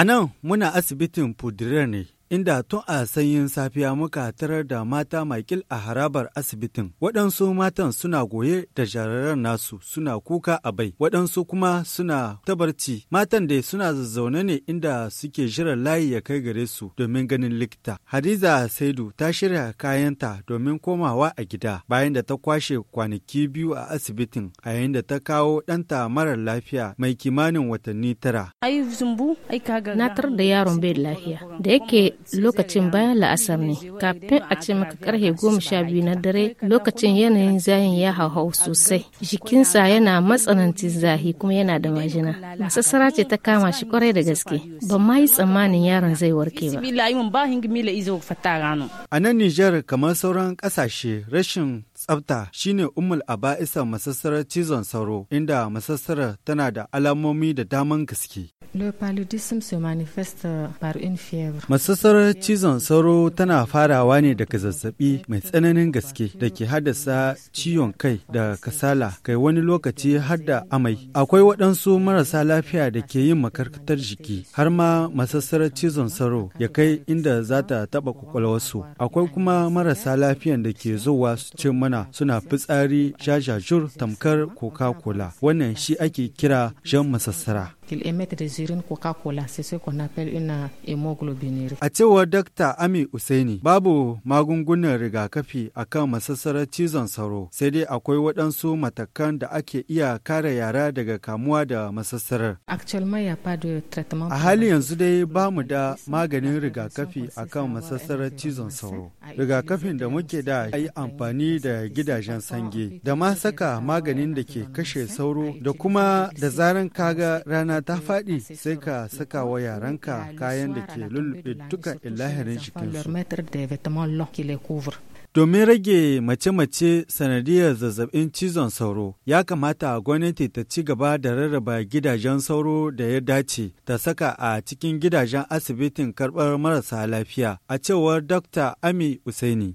A nan muna asibitin Fudirar ne, inda tun a sanyin safiya muka tarar da mata makil a harabar asibitin waɗansu matan suna goye da jariran nasu suna kuka a bai waɗansu kuma suna tabarci matan da suna zazzaune ne inda suke jiran layi ya kai gare su domin ganin likita hadiza saidu ta shirya kayanta domin komawa a gida bayan da ta kwashe kwanaki biyu a asibitin a yayin da ta kawo ɗanta mara lafiya mai kimanin watanni tara na tar da yaron bai lafiya da yake lokacin bayan la'asar ne kafin a ce maka karhe goma sha biyu na dare lokacin yanayin zayin ya hauhau sosai jikinsa yana matsanancin zahi kuma yana da majina masassara ce ta kama shi kwarai da gaske ban ma yi tsammanin yaron zai warke ba a nan nijar kamar sauran kasashe rashin tsafta shine ummul aba'isa masassarar cizon sauro inda masassarar tana da alamomi da daman gaske. Masassarar cizon sauro tana farawa ne daga zazzabi mai tsananin gaske da ke haddasa ciwon kai da kasala kai wani lokaci har da amai. Akwai waɗansu marasa lafiya da ke yin makarkatar jiki har ma masassarar cizon sauro ya kai inda za ta taɓa kwakwalwarsu. Akwai kuma marasa lafiyan da ke zuwa su ce mana suna fitsari shashashur tamkar coca-cola wannan shi ake kira jan masassara qu'il émette des urines Coca-Cola, c'est ce qu'on appelle une euh, A cewar Dr. Ami Usaini, babu magungunan rigakafi akan masassarar cizon sauro, sai dai akwai waɗansu matakan da ake iya kare yara daga kamuwa da masassarar. Actuellement ya pas de traitement. A halin yanzu dai ba mu da maganin rigakafi akan masassarar cizon sauro. Rigakafin da muke da yi amfani da gidajen sange, da ma saka maganin da ke kashe sauro da kuma da zaran kaga rana rana ta faɗi sai ka saka wa yaranka kayan da ke lulluɓe duka ilahirin shikinsu. Domin rage mace-mace sanadiyar zazzabin cizon sauro, ya kamata gwamnati ta ci gaba da rarraba gidajen sauro da ya dace ta saka a cikin gidajen asibitin karɓar marasa lafiya, a cewar Dr. Ami Usaini.